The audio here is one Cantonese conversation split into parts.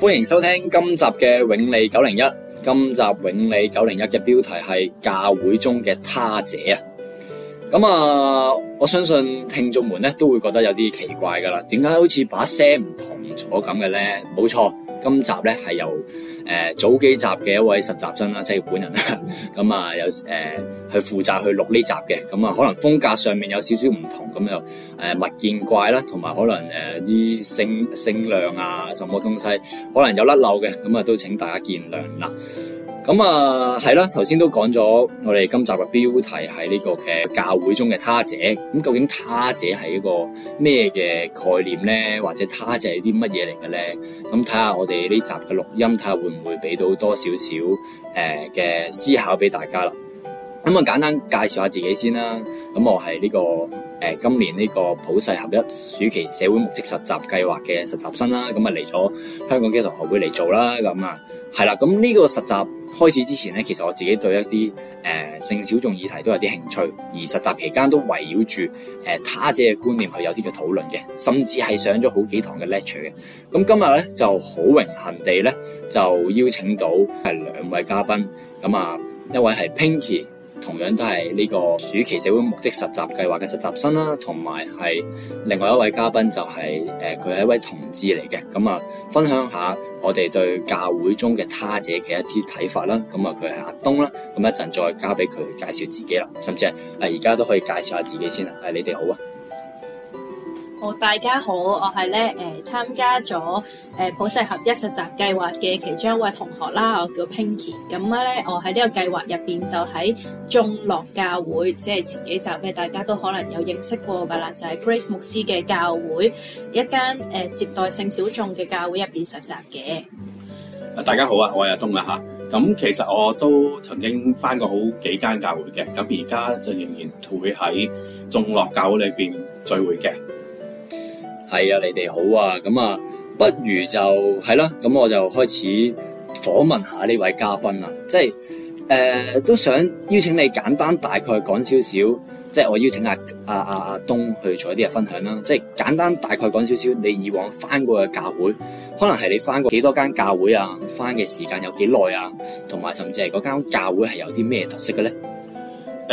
歡迎收聽今集嘅永利九零一，今集永利九零一嘅標題是教會中嘅他者啊！咁啊，我相信聽眾們都會覺得有啲奇怪㗎喇，點解好像把聲唔同咗咁嘅咧？冇錯。今集咧係由誒、呃、早幾集嘅一位實習生啦，即、就、係、是、本人啦，咁啊有誒去負責去錄呢集嘅，咁啊可能風格上面有少少唔同，咁又、呃、勿見怪啦，同埋可能誒啲聲聲量啊，什麼東西可能有甩漏嘅，咁啊都請大家見諒啦。咁啊，係啦，頭先都講咗，我哋今集嘅標題係呢個嘅教會中嘅他者。咁究竟他者係一個咩嘅概念咧？或者他者係啲乜嘢嚟嘅咧？咁睇下我哋呢集嘅錄音，睇下會唔會俾到多少少嘅、呃、思考俾大家啦。咁啊，簡單介紹下自己先啦。咁我係呢、這個、呃、今年呢個普世合一暑期社會牧職實習計劃嘅實習生啦。咁啊，嚟咗香港基督徒學會嚟做啦。咁啊，係啦。咁呢個實習。開始之前咧，其實我自己對一啲誒、呃、性小眾議題都有啲興趣，而實習期間都圍繞住誒他者嘅觀念去有啲嘅討論嘅，甚至係上咗好幾堂嘅 lecture 嘅。咁、嗯、今日咧就好榮幸地咧，就邀請到係兩位嘉賓，咁、嗯、啊一位係 Pinky。同樣都係呢個暑期社會目的實習計劃嘅實習生啦，同埋係另外一位嘉賓就係誒，佢係一位同志嚟嘅，咁啊，分享下我哋對教會中嘅他者嘅一啲睇法啦。咁啊，佢係阿冬啦，咁一陣再交俾佢介紹自己啦，甚至係誒而家都可以介紹下自己先啦。係，你哋好啊！好，大家好，我係咧誒參加咗誒、呃、普世合一實習計劃嘅其中一位同學啦。我叫 Pinky，咁咧我喺呢個計劃入邊就喺眾樂教會，即、就、係、是、前幾集咧大家都可能有認識過噶啦，就係 Grace 牧師嘅教會一間誒、呃、接待性小眾嘅教會入邊實習嘅、啊。大家好啊，我係阿冬啊吓。咁、啊啊啊啊、其實我都曾經返過好幾間教會嘅，咁而家就仍然會喺眾樂教會裏邊聚會嘅。係啊，你哋好啊，咁啊，不如就係啦，咁我就開始訪問下呢位嘉賓啦，即係誒、呃、都想邀請你簡單大概講少少，即係我邀請阿阿阿阿東去做一啲嘅分享啦，即係簡單大概講少少，你以往翻過嘅教會，可能係你翻過幾多間教會啊，翻嘅時間有幾耐啊，同埋甚至係嗰間教會係有啲咩特色嘅咧？誒、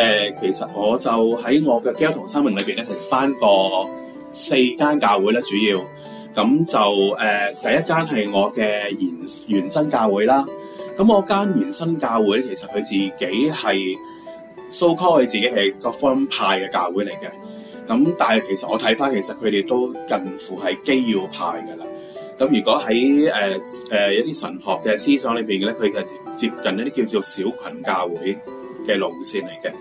呃，其實我就喺我嘅基督徒生命裏邊咧，係翻過。四間教會咧，主要咁就誒、呃、第一間係我嘅原原生教會啦。咁我間原生教會其實佢自己係 so called 自己係各方派嘅教會嚟嘅。咁但係其實我睇翻，其實佢哋都近乎係基要派嘅啦。咁如果喺誒誒一啲神學嘅思想裏邊咧，佢就接近一啲叫做小群教會嘅路線嚟嘅。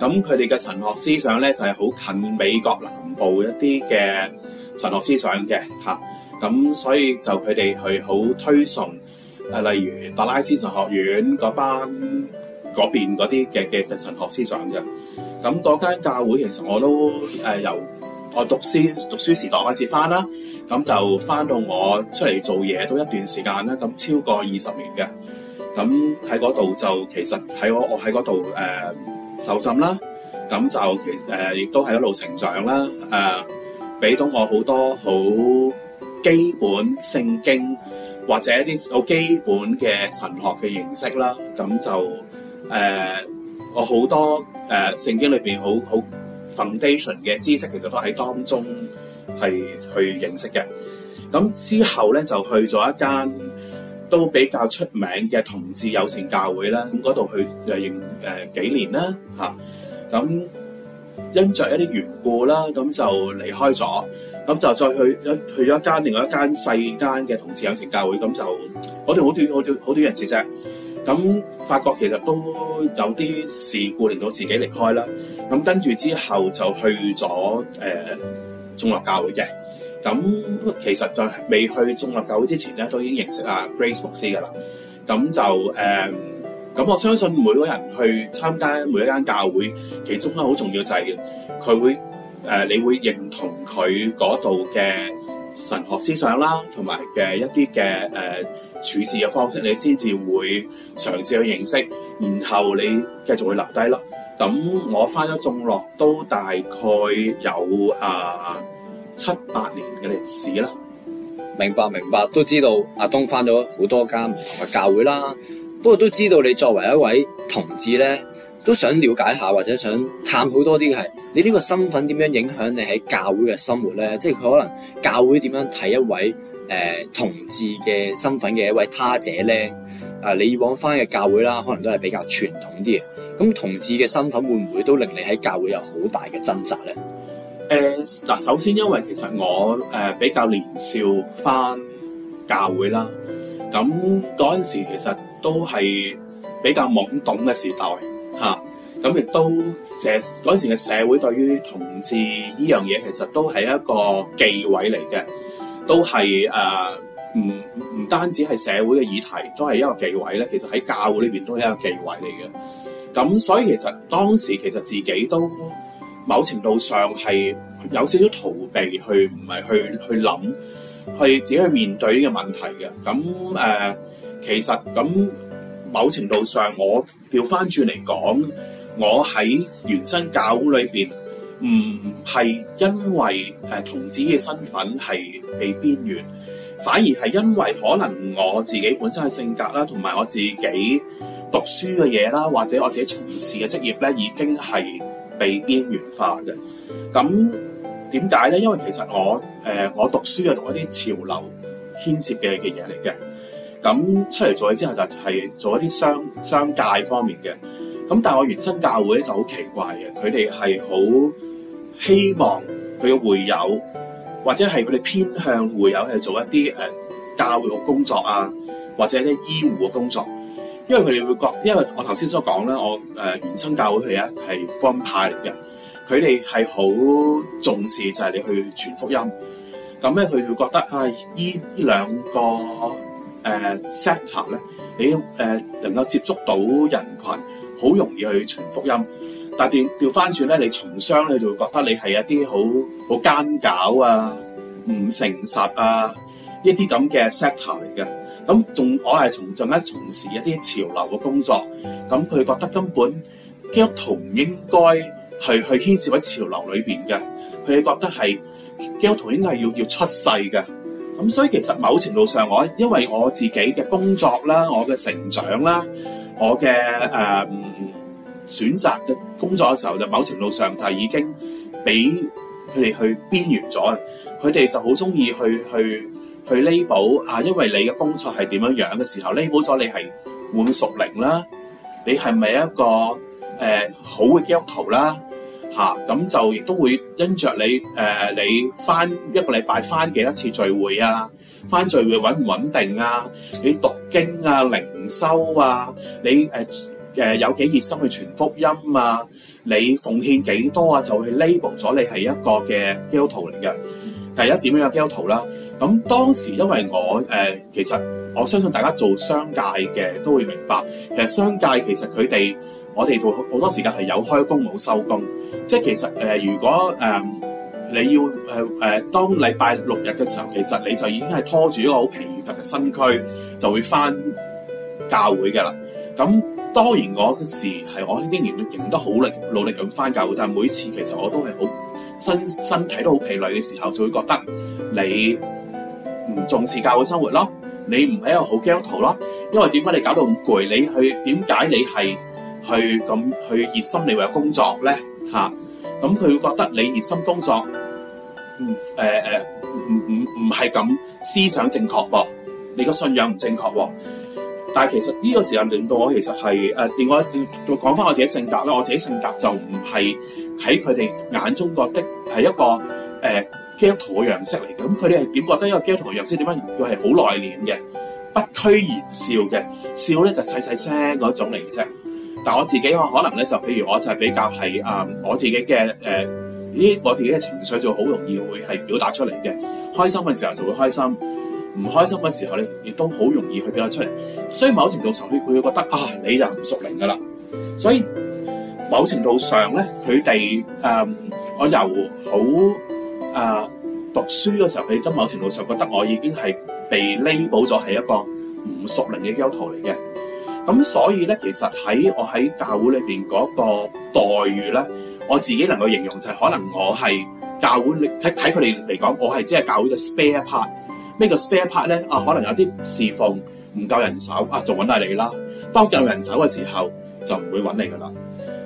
咁佢哋嘅神學思想咧就係、是、好近美國南部一啲嘅神學思想嘅嚇。咁、啊、所以就佢哋去好推崇，誒、啊、例如達拉斯神學院嗰班嗰邊嗰啲嘅嘅神學思想嘅。咁嗰間教會其實我都誒、啊、由我讀書讀書時代開始翻啦，咁就翻到我出嚟做嘢都一段時間啦，咁、啊、超過二十年嘅。咁喺嗰度就其實喺我我喺嗰度誒。啊受浸啦，咁就其誒亦都係一路成長啦，誒俾到我好多好基本聖經或者一啲好基本嘅神學嘅認識啦，咁就誒我好多誒聖經裏邊好好 foundation 嘅知識，其實都喺當中係去認識嘅。咁之後咧就去咗一間都比較出名嘅同志友善教會啦，咁嗰度去誒認誒幾年啦，嚇，咁因着一啲緣故啦，咁就離開咗，咁就再去去咗一間另外一間細間嘅同志友善教會，咁、呃啊、就我哋好短好短好短日子啫，咁發覺其實都有啲事故令到自己離開啦，咁跟住之後就去咗誒、呃、眾樂教會嘅。咁其實就係未去眾樂教會之前咧，都已經認識啊 Grace 牧師噶啦。咁就誒，咁、呃、我相信每個人去參加每一間教會，其中咧好重要就係佢會誒、呃，你會認同佢嗰度嘅神學思想啦，同埋嘅一啲嘅誒處事嘅方式，你先至會嘗試去認識，然後你繼續會留低咯。咁我翻咗眾樂，都大概有啊～、呃七八年嘅歷史啦，明白明白，都知道阿東翻咗好多間唔同嘅教會啦。不過都知道你作為一位同志咧，都想了解下或者想探討多啲嘅係，你呢個身份點樣影響你喺教會嘅生活咧？即係佢可能教會點樣睇一位誒、呃、同志嘅身份嘅一位他者咧、啊？你以往翻嘅教會啦，可能都係比較傳統啲嘅。咁同志嘅身份會唔會都令你喺教會有好大嘅掙扎咧？誒嗱、呃，首先因為其實我誒、呃、比較年少返教會啦，咁嗰陣時其實都係比較懵懂嘅時代嚇，咁亦都社嗰陣時嘅社會對於同志呢樣嘢其實都係一個忌諱嚟嘅，都係誒唔唔單止係社會嘅議題，都係一個忌諱。咧。其實喺教會裏邊都係一個忌諱嚟嘅，咁所以其實當時其實自己都。某程度上係有少少逃避去，唔係去去諗，去自己去面對呢個問題嘅。咁誒、呃，其實咁某程度上我，我調翻轉嚟講，我喺原生教會裏邊，唔係因為誒同志嘅身份係被邊緣，反而係因為可能我自己本身嘅性格啦，同埋我自己讀書嘅嘢啦，或者我自己從事嘅職業咧，已經係被邊緣化嘅，咁點解咧？因為其實我誒、呃，我讀書係同一啲潮流牽涉嘅嘅嘢嚟嘅，咁出嚟做嘢之後就係做一啲商商界方面嘅，咁但係我原生教會咧就好奇怪嘅，佢哋係好希望佢嘅會友或者係佢哋偏向會友去做一啲誒、呃、教育工作啊，或者啲醫護嘅工作。因為佢哋會覺得，因為我頭先所講咧，我誒、呃、原生教會佢啊，係福音派嚟嘅，佢哋係好重視就係你去傳福音。咁咧佢會覺得啊，依依兩個誒 sector 咧，呃、ector, 你誒、呃、能夠接觸到人群，好容易去傳福音。但調調翻轉咧，你從商你就會覺得你係一啲好好奸狡啊、唔誠實啊一啲咁嘅 sector 嚟嘅。咁仲我係從進一從事一啲潮流嘅工作，咁佢覺得根本基督徒唔應該係去牽涉喺潮流裏邊嘅，佢哋覺得係基督徒應該係要要出世嘅。咁所以其實某程度上我因為我自己嘅工作啦、我嘅成長啦、我嘅誒、呃、選擇嘅工作嘅時候，就某程度上就已經俾佢哋去邊緣咗。佢哋就好中意去去。去去 label 啊，因為你嘅工作係點樣樣嘅時候，label 咗你係會唔會熟齡啦？你係咪一個誒好嘅基督徒啦？嚇咁就亦都會因著你誒你返一個禮拜返幾多次聚會啊？返聚會穩唔穩定啊？你讀經啊、靈修啊、你誒誒有幾熱心去傳福音啊？你奉獻幾多啊？就去 label 咗你係一個嘅基督徒嚟嘅。第一點樣嘅基督徒啦？咁當時因為我誒、呃，其實我相信大家做商界嘅都會明白，其實商界其實佢哋我哋做好多時間係有開工冇收工，即係其實誒、呃，如果誒、呃、你要誒誒、呃，當禮拜六日嘅時候，其實你就已經係拖住一個好疲乏嘅身軀，就會返教會㗎喇。咁當然時候我嗰時係我依然都仍然都好力努力咁返教會，但係每次其實我都係好身身體都好疲累嘅時候，就會覺得你。唔重視教會生活咯，你唔係一個好基督徒咯，因為點解你搞到咁攰？你去點解你係去咁去熱心？你為工作咧嚇？咁、啊、佢會覺得你熱心工作，唔誒誒，唔唔唔係咁思想正確喎，你個信仰唔正確喎。但係其實呢個時候令到我其實係、呃、另外。我再講翻我自己性格啦。我自己的性格就唔係喺佢哋眼中覺得係一個誒。呃基督徒嘅樣色嚟嘅，咁佢哋係點覺得呢個基督徒嘅樣色？點解佢係好內斂嘅，不拘言笑嘅，笑咧就細細聲嗰種嚟嘅啫。但我自己可能咧，就譬如我就係比較係誒，我自己嘅誒，呢、呃、我自己嘅情緒就好容易會係表達出嚟嘅，開心嘅時候就會開心，唔開心嘅時候咧亦都好容易去表達出嚟。所以某程度上，佢佢會覺得啊，你就唔熟靈噶啦。所以某程度上咧，佢哋誒，我由好。誒、uh, 讀書嘅時候，你都某程度上覺得我已經係被 label 咗係一個唔熟靈嘅基督徒嚟嘅。咁所以咧，其實喺我喺教會裏邊嗰個待遇咧，我自己能夠形容就係可能我係教會裏睇睇佢哋嚟講，我係即係教會嘅 spare part。咩叫 spare part 咧？啊，可能有啲侍奉唔夠人手，啊，就揾下你啦。當夠人手嘅時候，就唔會揾你噶啦。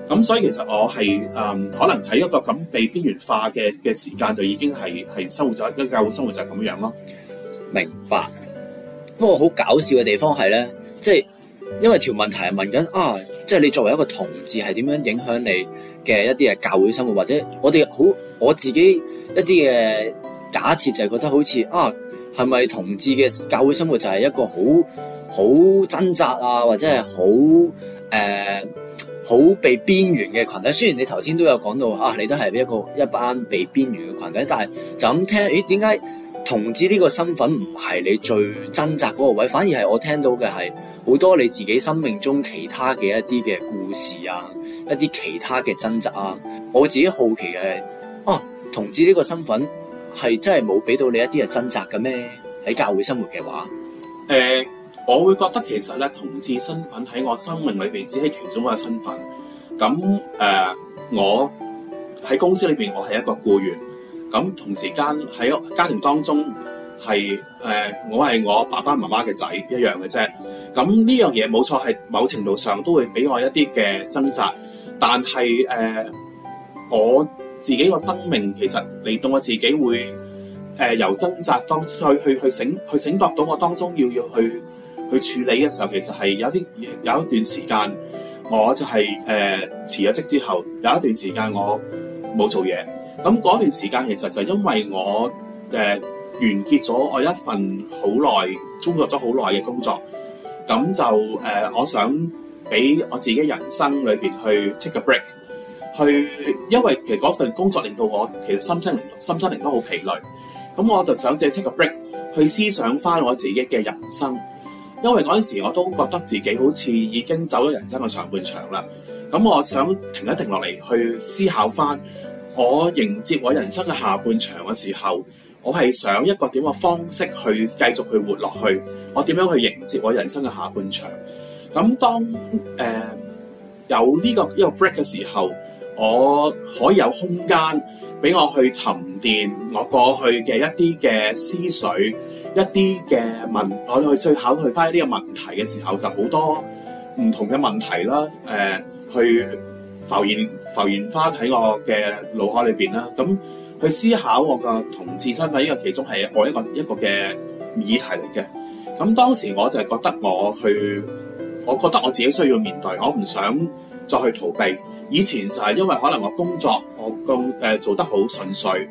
咁所以其實我係誒、嗯、可能喺一個咁被邊緣化嘅嘅時間，就已經係係生活咗一個教會生活就係咁樣樣咯。明白。不過好搞笑嘅地方係咧，即係因為條問題係問緊啊，即係你作為一個同志係點樣影響你嘅一啲嘅教會生活，或者我哋好我自己一啲嘅假設就係覺得好似啊，係咪同志嘅教會生活就係一個好好掙扎啊，或者係好誒？呃好被邊緣嘅群體，雖然你頭先都有講到啊，你都係一個一班被邊緣嘅群體，但係就咁聽，咦點解同志呢個身份唔係你最掙扎嗰個位？反而係我聽到嘅係好多你自己生命中其他嘅一啲嘅故事啊，一啲其他嘅掙扎啊。我自己好奇嘅係啊，同志呢個身份係真係冇俾到你一啲嘅掙扎嘅咩？喺教會生活嘅話，欸我會覺得其實咧，同志身份喺我生命裏邊只係其中一個身份。咁誒、呃，我喺公司裏邊，我係一個僱員。咁同時間喺家庭當中，係、呃、誒我係我爸爸媽媽嘅仔一樣嘅啫。咁呢樣嘢冇錯，係某程度上都會俾我一啲嘅掙扎。但係誒、呃，我自己個生命其實嚟到我自己會誒、呃、由掙扎當去去去醒去醒覺到我當中要要去。去處理嘅時候，其實係有啲有一段時間，我就係誒辭咗職之後，有一段時間我冇做嘢。咁嗰段時間其實就因為我誒完結咗我一份好耐工作咗好耐嘅工作，咁就誒我想俾我自己人生裏邊去 take a break，去因為其實嗰份工作令到我其實心身靈心身靈都好疲累，咁我就想借 take a break 去思想返我自己嘅人生，因為嗰陣時我都覺得自己好似已經走咗人生嘅上半場啦，咁我想停一停落嚟去，去思考翻，我迎接我人生嘅下半場嘅時候，我係想一個點嘅方式去繼續去活落去，我點樣去迎接我人生嘅下半場？咁當、呃、有呢個呢個 break 嘅時候，我可以有空間俾我去沉澱我過去嘅一啲嘅思緒。一啲嘅問，我哋去再考慮翻呢個問題嘅時候，就好多唔同嘅問題啦。誒、呃，去浮現浮現翻喺我嘅腦海裏邊啦。咁去思考我個同志身份，呢個其中係我一個一個嘅議題嚟嘅。咁當時我就覺得我去，我覺得我自己需要面對，我唔想再去逃避。以前就係因為可能我工作我工誒做得好順遂，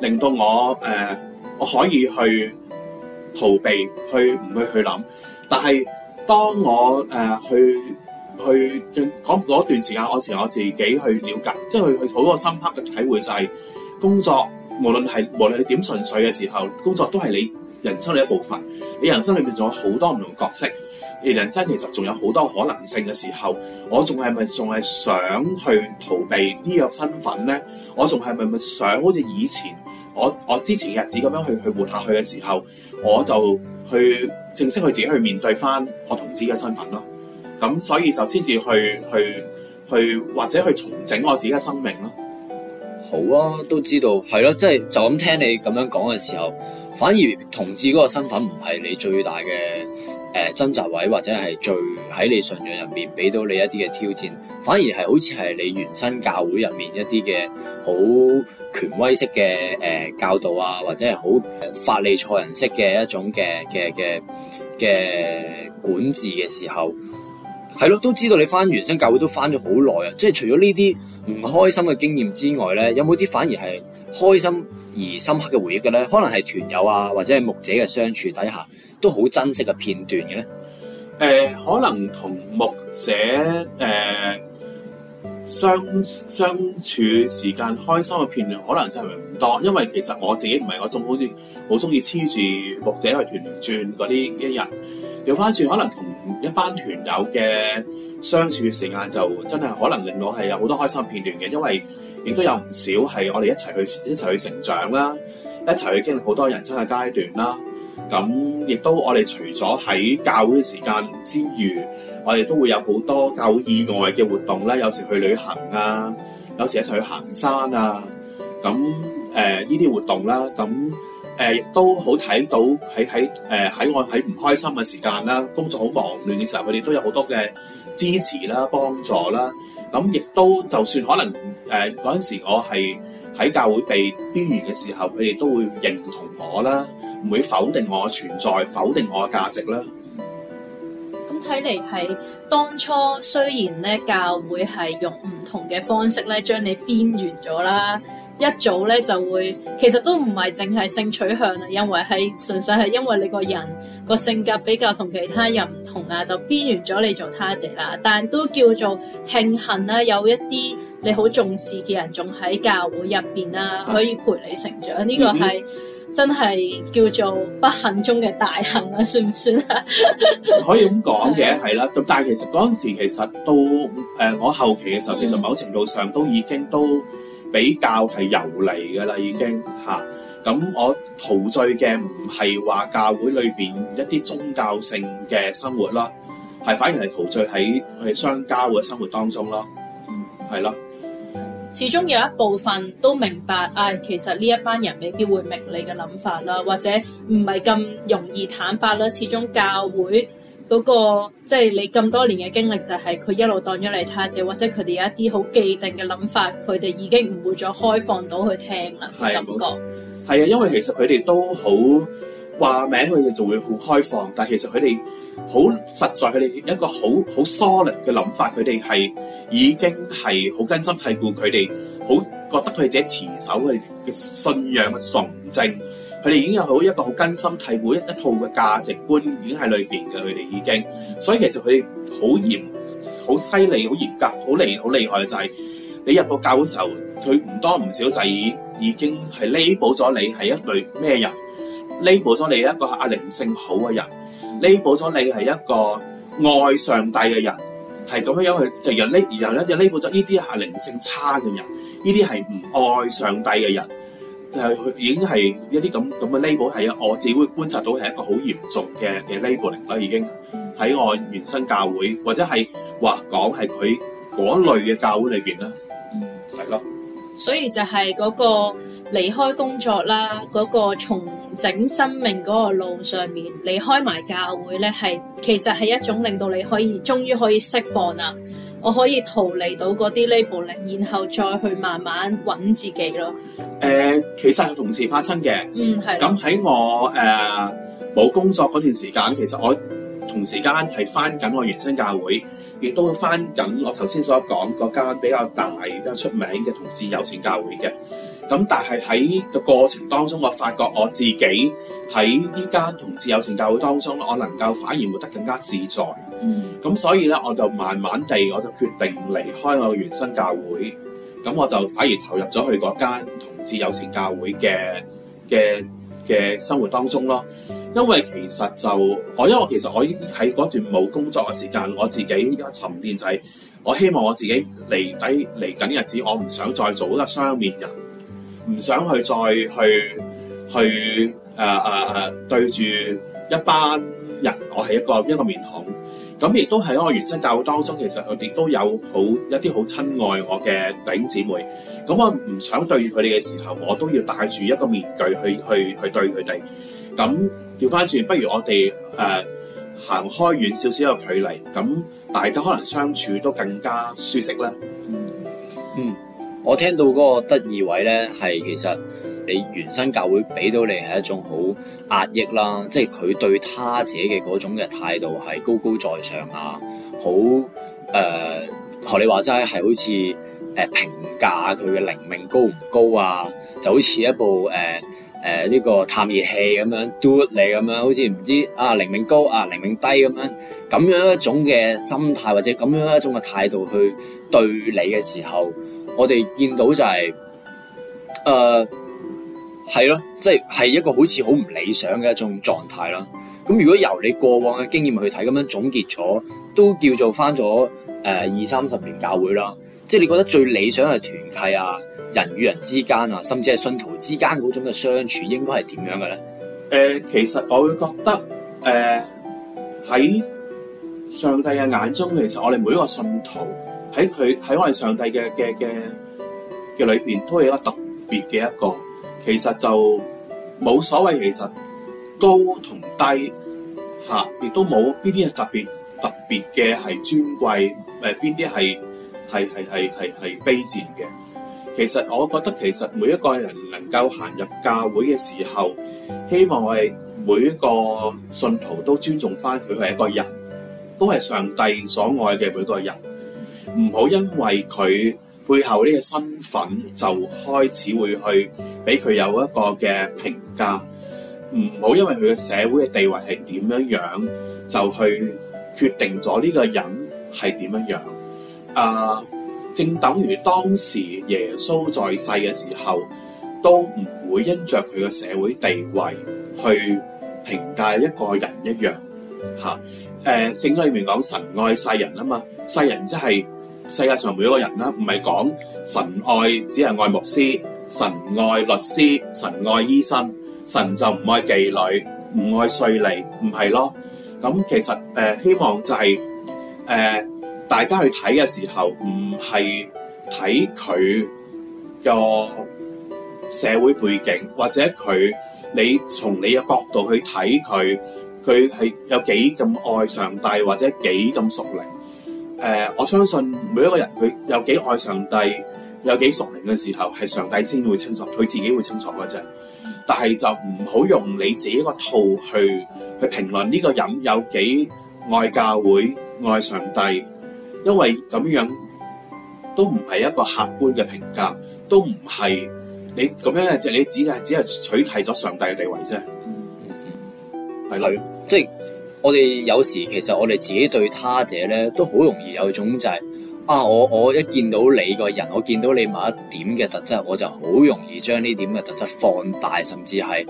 令到我誒、呃、我可以去。逃避去唔去去諗，但係當我誒、呃、去去講嗰段時間，我前我自己去了解，即係去去好個深刻嘅體會，就係工作無論係無論你點順遂嘅時候，工作都係你人生嘅一部分。你人生裏面仲有好多唔同的角色，你人生其實仲有好多可能性嘅時候，我仲係咪仲係想去逃避呢個身份咧？我仲係咪咪想好似以前我我之前日子咁樣去去活下去嘅時候？我就去正式去自己去面對翻我同志嘅身份咯，咁所以就先至去去去或者去重整我自己嘅生命咯。好啊，都知道係咯，即係就咁聽你咁樣講嘅時候，反而同志嗰個身份唔係你最大嘅。誒，掙扎位或者係聚喺你信仰入面俾到你一啲嘅挑戰，反而係好似係你原生教會入面一啲嘅好權威式嘅誒、呃、教導啊，或者係好法利賽人式嘅一種嘅嘅嘅嘅管治嘅時候，係咯。都知道你返原生教會都返咗好耐啊，即係除咗呢啲唔開心嘅經驗之外咧，有冇啲反而係開心而深刻嘅回憶嘅咧？可能係團友啊，或者係牧者嘅相處底下。都好珍惜嘅片段嘅咧，誒、呃、可能同牧者誒、呃、相相處時間開心嘅片段，可能真係唔多，因為其實我自己唔係我中好中意黐住牧者去團轉轉嗰啲一日。轉翻轉可能同一班團友嘅相處時間就真係可能令我係有好多開心嘅片段嘅，因為亦都有唔少係我哋一齊去一齊去成長啦，一齊去經歷好多人生嘅階段啦。咁亦都，我哋除咗喺教會嘅時間之餘，我哋都會有好多教會以外嘅活動啦，有時去旅行啊，有時一齊去行山啊。咁誒呢啲活動啦，咁誒、呃、亦都好睇到喺喺誒喺我喺唔開心嘅時間啦，工作好忙亂嘅時候，佢哋都有好多嘅支持啦、幫助。啦咁亦都就算可能誒嗰陣時，我係喺教會被邊緣嘅時候，佢哋都會認同我啦。唔會否定我存在，否定我嘅價值啦。咁睇嚟係當初雖然咧，教會係用唔同嘅方式咧，將你邊緣咗啦。一早咧就會，其實都唔係淨係性取向啊，因為係純粹係因為你個人個性格，比較同其他人唔同啊，就邊緣咗你做他者啦。但都叫做慶幸啦，有一啲你好重視嘅人仲喺教會入邊啊，可以陪你成長。呢、嗯、個係。嗯真係叫做不幸中嘅大幸啦，算唔算啊？ 可以咁講嘅，係啦。咁但係其實嗰陣時其實都誒、呃，我後期嘅時候的其實某程度上都已經都比較係游離嘅啦，已經嚇。咁我陶醉嘅唔係話教會裏邊一啲宗教性嘅生活啦，係反而係陶醉喺佢哋相交嘅生活當中咯，係啦。始終有一部分都明白，唉、哎，其實呢一班人未必會明你嘅諗法啦，或者唔係咁容易坦白啦。始終教會嗰、那個即係、就是、你咁多年嘅經歷就係佢一路當咗你他者，或者佢哋有一啲好既定嘅諗法，佢哋已經唔會再開放到去聽啦，是感覺係啊，因為其實佢哋都好話名，佢哋就會好開放，但其實佢哋。好實在佢哋一個好好 solid 嘅諗法，佢哋係已經係好根、根深蒂固，佢哋好覺得佢哋自己持守佢哋嘅信仰嘅純正，佢哋已經有好一個好根深蒂固一一套嘅價值觀，已經喺裏邊嘅，佢哋已經，所以其實佢哋好嚴、好犀利、好嚴格、好厲、好厲害，害就係、是、你入個教會嘅時候，佢唔多唔少就已已經係 label 咗你係一類咩人 label 咗你一個阿靈性好嘅人。label 咗你係一個愛上帝嘅人，係咁樣樣去，就又 label，然後咧就 label 咗，呢啲係靈性差嘅人，呢啲係唔愛上帝嘅人，就係已經係一啲咁咁嘅 label，係我自己會觀察到係一個好嚴重嘅嘅 labeling 啦，已經喺我原生教會或者係話講係佢嗰類嘅教會裏邊啦，嗯，係咯，所以就係嗰個。離開工作啦，嗰、那個重整生命嗰個路上面，離開埋教會咧，係其實係一種令到你可以終於可以釋放啦。我可以逃離到嗰啲 label，然後再去慢慢揾自己咯。誒、呃，其實係同時發生嘅。嗯，係。咁喺我誒冇、呃、工作嗰段時間，其實我同時間係返緊我的原生教會，亦都返緊我頭先所講嗰間比較大、比較出名嘅同志友善教會嘅。咁但係喺個過程當中，我發覺我自己喺呢間同志友善教會當中，我能夠反而活得更加自在。嗯。咁所以呢，我就慢慢地我就決定離開我原生教會。咁我就反而投入咗去嗰間同志友善教會嘅嘅嘅生活當中咯。因為其實就我因為其實我喺嗰段冇工作嘅時間，我自己一沉澱就係我希望我自己嚟底嚟緊日子，我唔想再做嗰個雙面人。唔想去再去去誒誒誒對住一班人，我係一個一個面孔。咁亦都係喺我原生教育當中，其實佢哋都有好一啲好親愛我嘅弟兄姊妹。咁我唔想對住佢哋嘅時候，我都要戴住一個面具去去去對佢哋。咁調翻轉，不如我哋誒行開遠少少一個距離，咁大家可能相處都更加舒適啦。嗯。嗯。我聽到嗰個得意位呢，係其實你原生教會俾到你係一種好壓抑啦，即係佢對他者嘅嗰種嘅態度係高高在上啊，呃、和好誒學你話齋係好似誒評價佢嘅靈命高唔高啊，就好似一部誒誒呢個探熱器咁樣嘟你咁、like、樣，好似唔知啊靈命高啊靈命低咁樣咁樣一種嘅心態或者咁樣一種嘅態度去對你嘅時候。我哋見到就係、是，誒、呃，係咯，即係係一個好似好唔理想嘅一種狀態啦。咁如果由你過往嘅經驗去睇，咁樣總結咗，都叫做返咗誒二三十年教會啦。即係你覺得最理想嘅團契啊，人與人之間啊，甚至係信徒之間嗰種嘅相處應該是怎，應該係點樣嘅咧？誒，其實我會覺得，誒、呃、喺上帝嘅眼中，其實我哋每一個信徒。喺佢喺我哋上帝嘅嘅嘅嘅裏邊，都係一個特別嘅一個。其實就冇所謂，其實高同低吓，亦都冇邊啲係特別特別嘅係尊貴，誒邊啲係係係係係係卑賤嘅。其實我覺得其實每一個人能夠行入教會嘅時候，希望我哋每一個信徒都尊重翻佢係一個人，都係上帝所愛嘅每個人。唔好因為佢背後呢個身份就開始會去俾佢有一個嘅評價，唔好因為佢嘅社會嘅地位係點樣樣就去決定咗呢個人係點樣樣。啊，正等於當時耶穌在世嘅時候都唔會因著佢嘅社會地位去評價一個人一樣。嚇，誒聖經裏面講神愛世人啊嘛，世人即係。世界上每一個人啦，唔係講神愛，只係愛牧師，神愛律師，神愛醫生，神就唔愛妓女，唔愛稅吏，唔係咯。咁其實誒、呃，希望就係、是、誒、呃，大家去睇嘅時候，唔係睇佢個社會背景，或者佢你從你嘅角度去睇佢，佢係有幾咁愛上帝，或者幾咁屬靈。誒、呃，我相信每一個人佢有幾愛上帝，有幾屬靈嘅時候，係上帝先會清楚，佢自己會清楚嘅啫。但係就唔好用你自己一個套去去評論呢個人有幾愛教會、愛上帝，因為咁樣都唔係一個客觀嘅評價，都唔係你咁樣嘅，即你只係，只係取替咗上帝嘅地位啫、嗯。嗯嗯係咯，即係。我哋有時，其實我哋自己對他者咧，都好容易有種就係啊，我我一見到你個人，我見到你某一點嘅特質，我就好容易將呢點嘅特質放大，甚至係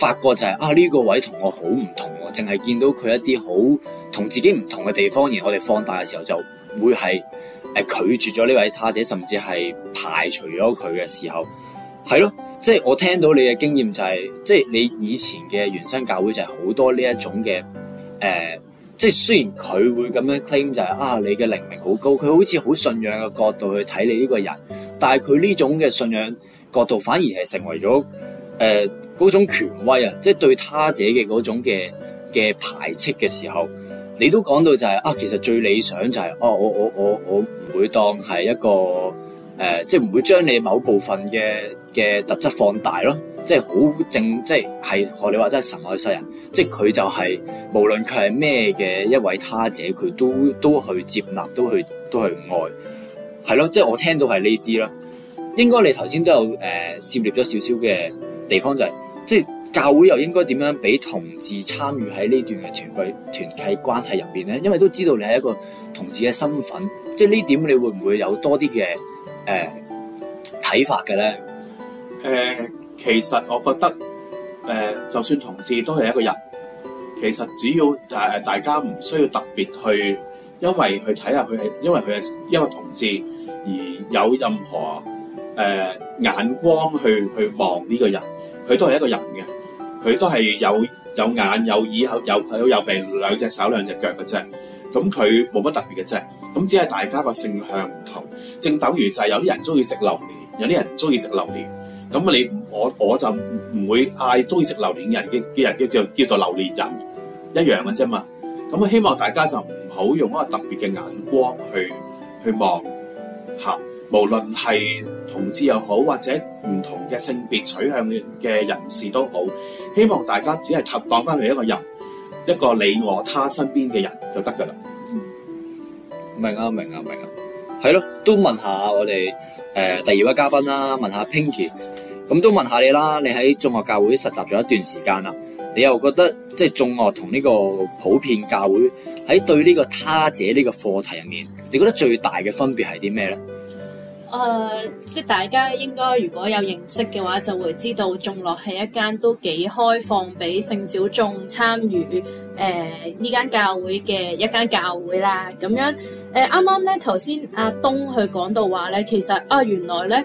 發覺就係啊呢個位同我好唔同，淨係見到佢一啲好同自己唔同嘅地方，而我哋放大嘅時候就會係誒拒絕咗呢位他者，甚至係排除咗佢嘅時候，係咯。即係我聽到你嘅經驗就係、是，即係你以前嘅原生教會就係好多呢一種嘅、呃、即係雖然佢會咁樣 claim 就係、是、啊，你嘅靈命好高，佢好似好信仰嘅角度去睇你呢個人，但係佢呢種嘅信仰角度反而係成為咗誒嗰種權威啊，即係對他者嘅嗰種嘅嘅排斥嘅時候，你都講到就係、是、啊，其實最理想就係、是、哦、啊，我我我我唔會當係一個。誒、呃，即唔會將你某部分嘅嘅特質放大咯，即好正，即係學你話真係神愛世人，即佢就係、是、無論佢係咩嘅一位他者，佢都都去接納，都去都去愛，係咯，即我聽到係呢啲咯。應該你頭先都有誒、呃、涉獵咗少少嘅地方，就係、是、即教會又應該點樣俾同志參與喺呢段嘅團契團契關係入面咧？因為都知道你係一個同志嘅身份，即呢點你會唔會有多啲嘅？誒、呃、睇法嘅咧，誒、呃、其實我覺得誒、呃，就算同志都係一個人，其實只要誒、呃、大家唔需要特別去，因為去睇下佢係因為佢係一個同志而有任何誒、呃、眼光去去望呢個人，佢都係一個人嘅，佢都係有有眼有耳有有有鼻，兩隻手兩隻腳嘅啫，咁佢冇乜特別嘅啫，咁只係大家個性向。正等於就係有啲人中意食榴蓮，有啲人唔中意食榴蓮。咁你我我就唔會嗌中意食榴蓮嘅嘅人叫做叫做榴蓮人一樣嘅啫嘛。咁啊，希望大家就唔好用一個特別嘅眼光去去望吓，無論係同志又好，或者唔同嘅性別取向嘅人士都好。希望大家只係合當翻嚟一個人，一個你我他身邊嘅人就得㗎啦。嗯，明啊，明啊，明啊！係咯，都問下我哋誒、呃、第二位嘉賓啦，問下 Pinky，咁都問下你啦。你喺眾樂教會實習咗一段時間啦，你又覺得即係眾樂同呢個普遍教會喺對呢個他者呢個課題入面，你覺得最大嘅分別係啲咩咧？呃、即大家應該如果有認識嘅話，就會知道眾樂係一間都幾開放，俾性小眾參與誒呢間教會嘅一間教會啦。咁樣誒啱啱咧，頭、呃、先阿冬佢講到話咧，其實啊、呃，原來咧。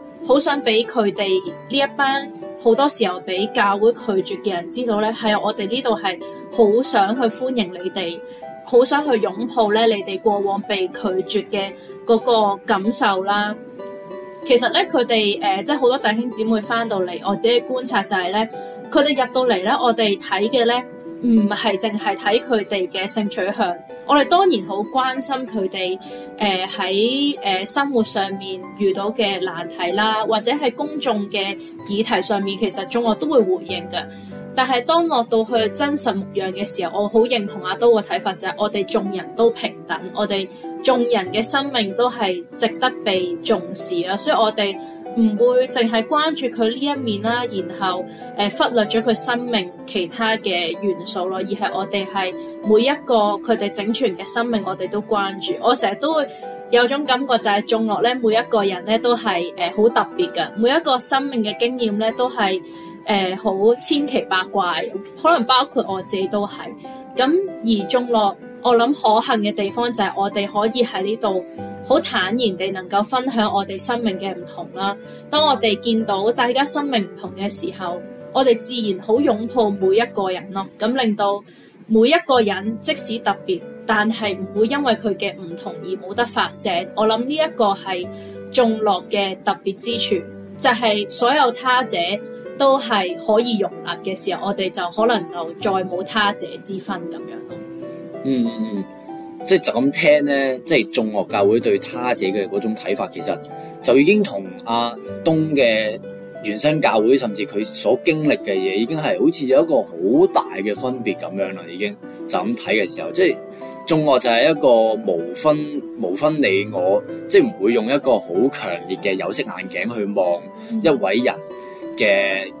好想俾佢哋呢一班好多時候俾教會拒絕嘅人知道咧，係我哋呢度係好想去歡迎你哋，好想去擁抱咧你哋過往被拒絕嘅嗰個感受啦。其實咧，佢哋誒即係好多弟兄姊妹翻到嚟，我自己觀察就係咧，佢哋入到嚟咧，我哋睇嘅咧唔係淨係睇佢哋嘅性取向。我哋當然好關心佢哋，喺、呃、誒、呃、生活上面遇到嘅難題啦，或者係公眾嘅議題上面，其實眾樂都會回應嘅。但係當落到去真實模樣嘅時候，我好認同阿都個睇法，就係我哋眾人都平等，我哋眾人嘅生命都係值得被重視啊，所以我哋，唔會淨係關注佢呢一面啦，然後誒忽略咗佢生命其他嘅元素咯，而係我哋係每一個佢哋整全嘅生命，我哋都關注。我成日都會有種感覺，就係眾樂咧，每一個人咧都係誒好特別嘅，每一個生命嘅經驗咧都係誒好千奇百怪，可能包括我自己都係。咁而眾樂，我諗可行嘅地方就係我哋可以喺呢度。好坦然地能夠分享我哋生命嘅唔同啦。當我哋見到大家生命唔同嘅時候，我哋自然好擁抱每一個人咯。咁令到每一個人即使特別，但係唔會因為佢嘅唔同而冇得發聲。我諗呢一個係眾樂嘅特別之處，就係、是、所有他者都係可以容納嘅時候，我哋就可能就再冇他者之分咁樣咯、嗯。嗯嗯。即係就咁聽呢，即係眾樂教會對他者嘅嗰種睇法，其實就已經同阿冬嘅原生教會，甚至佢所經歷嘅嘢，已經係好似有一個好大嘅分別咁樣啦。已經就咁睇嘅時候，即係眾樂就係一個無分無分你我，即係唔會用一個好強烈嘅有色眼鏡去望一位人嘅。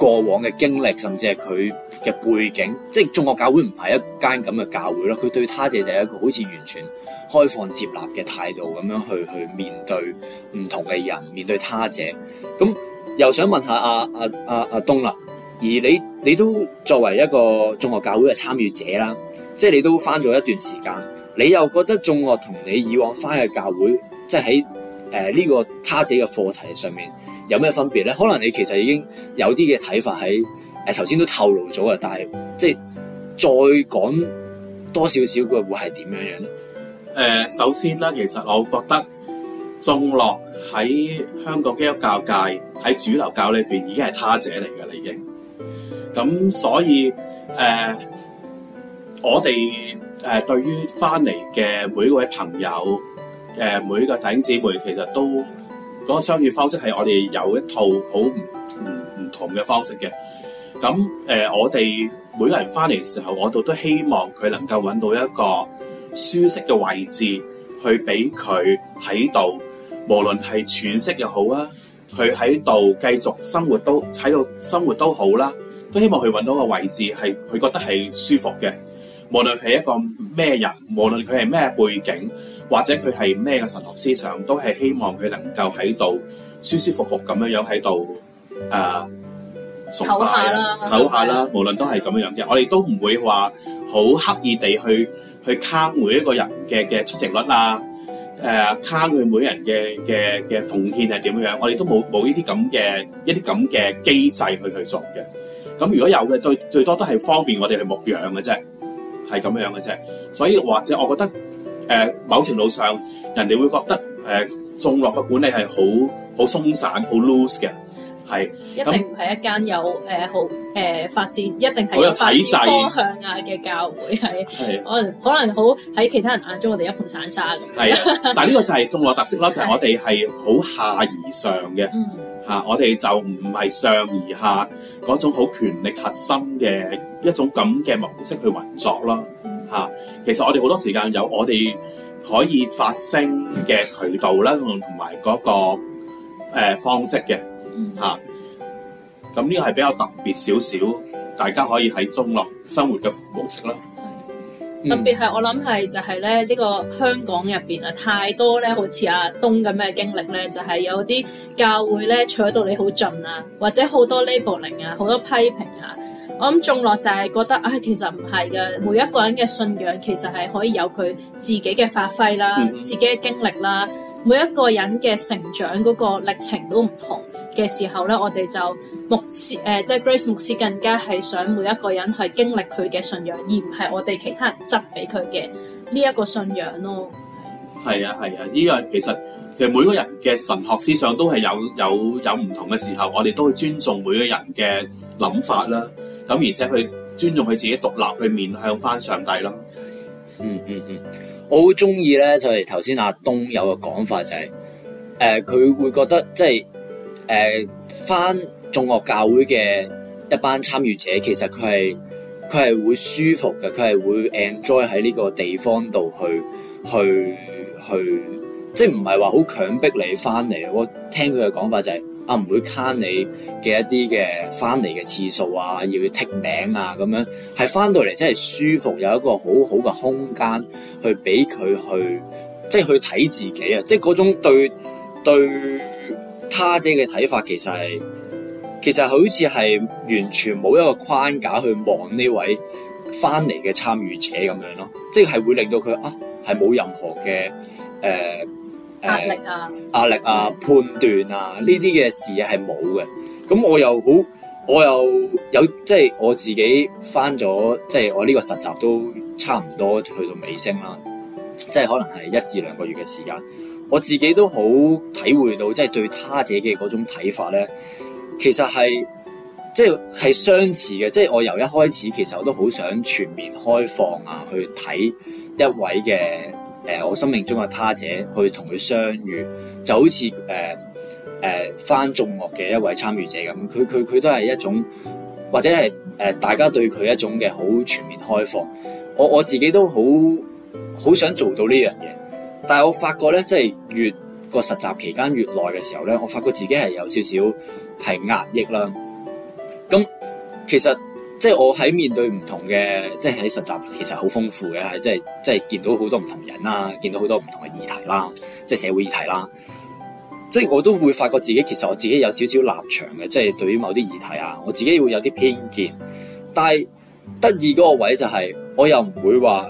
過往嘅經歷，甚至係佢嘅背景，即係眾樂教會唔係一間咁嘅教會咯。佢對他者就係一個好似完全開放接納嘅態度咁樣去去面對唔同嘅人，面對他者。咁又想問一下阿阿阿阿冬啦，而你你都作為一個眾樂教會嘅參與者啦，即係你都返咗一段時間，你又覺得眾樂同你以往返嘅教會，即係喺誒呢個他者嘅課題上面，有咩分別咧？可能你其實已經有啲嘅睇法喺誒頭先都透露咗啊，但係即係再講多少少佢會係點樣樣咧？誒、呃，首先啦，其實我覺得眾樂喺香港基督教界喺主流教裏邊已經係他者嚟㗎啦，已經。咁所以誒、呃，我哋誒對於翻嚟嘅每一位朋友誒、呃、每個弟兄姊妹，其實都。嗰個相處方式係我哋有一套好唔唔唔同嘅方式嘅。咁誒，我哋每個人翻嚟嘅時候，我哋都希望佢能夠揾到一個舒適嘅位置，去俾佢喺度，無論係喘息又好啊，佢喺度繼續生活都喺度生活都好啦，都希望佢揾到個位置係佢覺得係舒服嘅，無論係一個咩人，無論佢係咩背景。或者佢係咩嘅神學思想，都係希望佢能夠喺度舒舒服服咁樣樣喺度誒，唞下啦，唞下啦，無論都係咁樣樣嘅。我哋都唔會話好刻意地去去卡每一個人嘅嘅出席率啊，誒，卡佢每個人嘅嘅嘅奉獻係點樣？我哋都冇冇呢啲咁嘅一啲咁嘅機制去去做嘅。咁如果有嘅，都最多都係方便我哋去牧養嘅啫，係咁樣嘅啫。所以或者我覺得。誒、呃、某程度上，人哋會覺得誒眾樂嘅管理係好好鬆散、好 loose 嘅，係一定唔係一間有誒好誒發展，一定係好有體制、方向啊嘅教會係，可能可能好喺其他人眼中，我哋一盤散沙咁。係，但係呢個就係眾樂特色咯， 是就係我哋係好下而上嘅，嚇、嗯啊、我哋就唔係上而下嗰種好權力核心嘅一種咁嘅模式去運作咯。嚇、啊，其實我哋好多時間有我哋可以發聲嘅渠道啦，同埋嗰個、呃、方式嘅嚇。咁呢、嗯啊、個係比較特別少少，大家可以喺眾樂生活嘅模式啦。嗯、特別係我諗係就係、是、咧呢、呢個香港入邊啊，太多咧好似阿東咁嘅經歷咧，就係、是、有啲教會咧取到你好盡啊，或者好多 labeling 啊，好多批評啊。我諗眾樂就係覺得啊、哎，其實唔係嘅。每一個人嘅信仰其實係可以有佢自己嘅發揮啦，嗯、哼自己嘅經歷啦。每一個人嘅成長嗰個歷程都唔同嘅時候咧，我哋就牧師誒、呃，即係 Grace 牧師更加係想每一個人去經歷佢嘅信仰，而唔係我哋其他人執俾佢嘅呢一個信仰咯。係啊，係啊，呢、這個其實其實每個人嘅神學思想都係有有有唔同嘅時候，我哋都會尊重每個人嘅諗法啦。嗯。咁而且佢尊重佢自己獨立去面向翻上帝咯、嗯。嗯嗯嗯，我好中意咧就係頭先阿東有個講法就係、是，佢、呃、會覺得即係返翻眾樂教會嘅一班參與者，其實佢係佢係會舒服嘅，佢係會 enjoy 喺呢個地方度去去去，即係唔係話好強迫你翻嚟。我聽佢嘅講法就係、是。啊！唔會卡你嘅一啲嘅翻嚟嘅次數啊，要剔名啊咁樣，係翻到嚟真係舒服，有一個好好嘅空間去俾佢去，即係去睇自己啊！即係嗰種對對他者嘅睇法其，其實係其實好似係完全冇一個框架去望呢位翻嚟嘅參與者咁樣咯，即係會令到佢啊，係冇任何嘅誒。呃壓力啊、呃，壓力啊，判斷啊，呢啲嘅事係冇嘅。咁我又好，我又有即係我自己翻咗，即係我呢個實習都差唔多去到尾聲啦。即係可能係一至兩個月嘅時間，我自己都好體會到，即係對他者嘅嗰種睇法咧，其實係即係係相似嘅。即係我由一開始其實我都好想全面開放啊，去睇一位嘅。誒、呃，我生命中嘅他者去同佢相遇，就好似誒誒返眾樂嘅一位參與者咁，佢佢佢都係一種或者係誒、呃、大家對佢一種嘅好全面開放。我我自己都好好想做到呢樣嘢，但係我發覺咧，即係越、個實習期間越耐嘅時候咧，我發覺自己係有少少係壓抑啦。咁其實。即係我喺面對唔同嘅，即係喺實習，其實好豐富嘅，係即係即係見到好多唔同人啦，見到好多唔同嘅議題啦，即係社會議題啦。即係我都會發覺自己，其實我自己有少少立場嘅，即係對於某啲議題啊，我自己會有啲偏見。但係得意嗰個位就係，我又唔會話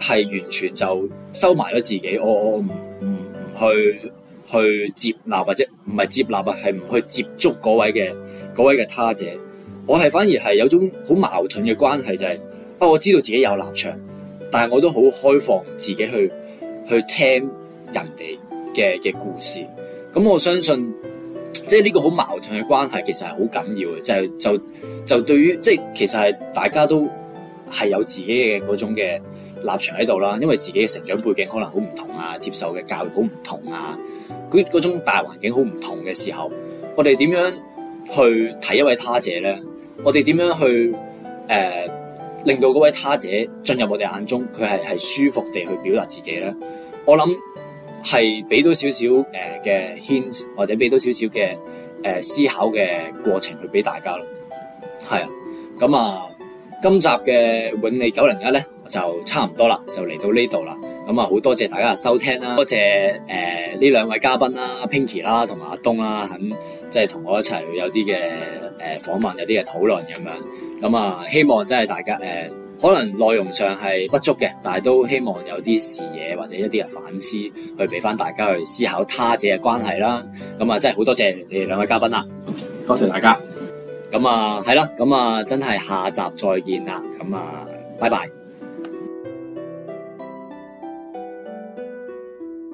係完全就收埋咗自己，我我唔唔去去接納或者唔係接納啊，係唔去接觸嗰位嘅嗰位嘅他者。我係反而係有種好矛盾嘅關係，就係啊我知道自己有立場，但係我都好開放自己去去聽人哋嘅嘅故事。咁我相信即係呢個好矛盾嘅關係，其實係好緊要嘅，就係、就、就就對於即係其實係大家都係有自己嘅嗰種嘅立場喺度啦，因為自己嘅成長背景可能好唔同啊，接受嘅教育好唔同啊，嗰種大環境好唔同嘅時候，我哋點樣去睇一位他者呢？我哋點樣去、呃、令到嗰位他者進入我哋眼中，佢係係舒服地去表達自己咧？我諗係俾多少少、呃嘅 hints，或者俾多少少嘅呃、思考嘅過程去俾大家咯。係啊，咁啊，今集嘅永利九零一咧，就差唔多啦，就嚟到呢度啦。咁啊，好多謝大家收聽啦，多謝呢兩、呃、位嘉賓啦，Pinky 啦同埋阿冬啦，啊即係同我一齊會有啲嘅誒訪問，有啲嘅討論咁樣，咁啊希望真係大家誒、呃，可能內容上係不足嘅，但係都希望有啲視野或者一啲嘅反思，去俾返大家去思考他者嘅關係啦。咁啊真係好多謝你哋兩位嘉賓啦，多謝大家。咁啊係啦，咁啊真係下集再見啦，咁啊拜拜。